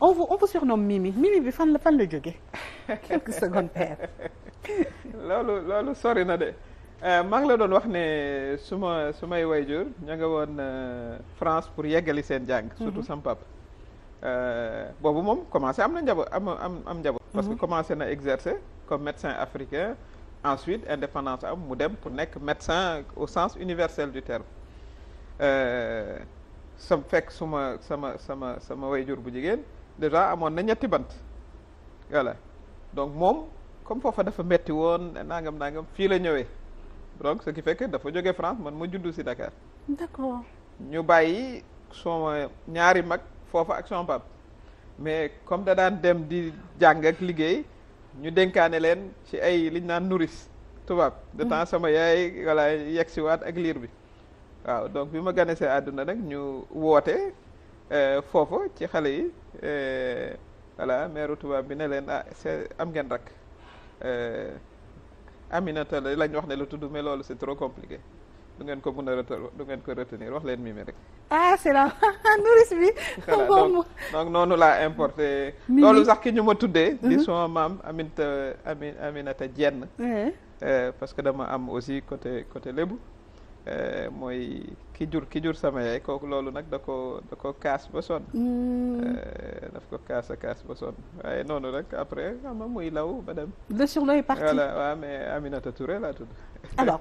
on vous on vous surnomme Mimi Mimi bi fan la fan la jóge loolu loolu sori na de euh, maa ngi la doon wax ne su ma su may wayjur ña nga woon euh, France pour yeggali seen jàng. Mhm. surtout sam pap euh, boobu moom commencé am na njaboo am am am njaboot. Mhm. parce que commencé na exercer comme médecin africain ensuite indépendance am mu dem pour nekk médecin au sens universel du terme. sa fekk suma sama sama sama wayjur bu jigéen. déjà amoon na ñetti bant voilà donc moom comme foofa dafa metti woon nangam nangam fii la ñëwee donc ce qui fekk dafa jóge France man ma juddu si Dakar. d'accord ñu bàyyi sama ñaari mag foofa ak sama mais comme da daan dem di jàng ak liggéey ñu denkaane leen ci ay liñ naan nourrice tubaab. de temps mhm. sama yaay voilà yegg si ak liir bi waaw donc bi ma ganesee àdduna rek ñu woote. Euh, foofu ci xale yi euh, voilà mais tubaab bi ne leen ah c'est am ngeen rak euh, Aminata la lañ wax ne la tudd mais loolu c'est trop compliqué du ngeen ko mën a du ngeen ko retenir wax leen mimi rek. ah c'est la nourrice noonu laa importé. loolu sax ki ñu ma tuddee. di mhm. sama maam Aminata Aminata Diène. parce que dama am aussi côté côté lébu. Euh, mooy ki jur ki jur sama yaay kooku loolu nag da ko da ko kaas ba sonn mm. euh, daf ko kaas a kaas ba sonn waaye noonu rek après ama muy law ba dem le surnom est parti voilà waaw mais Aminata Touré laa tudd alors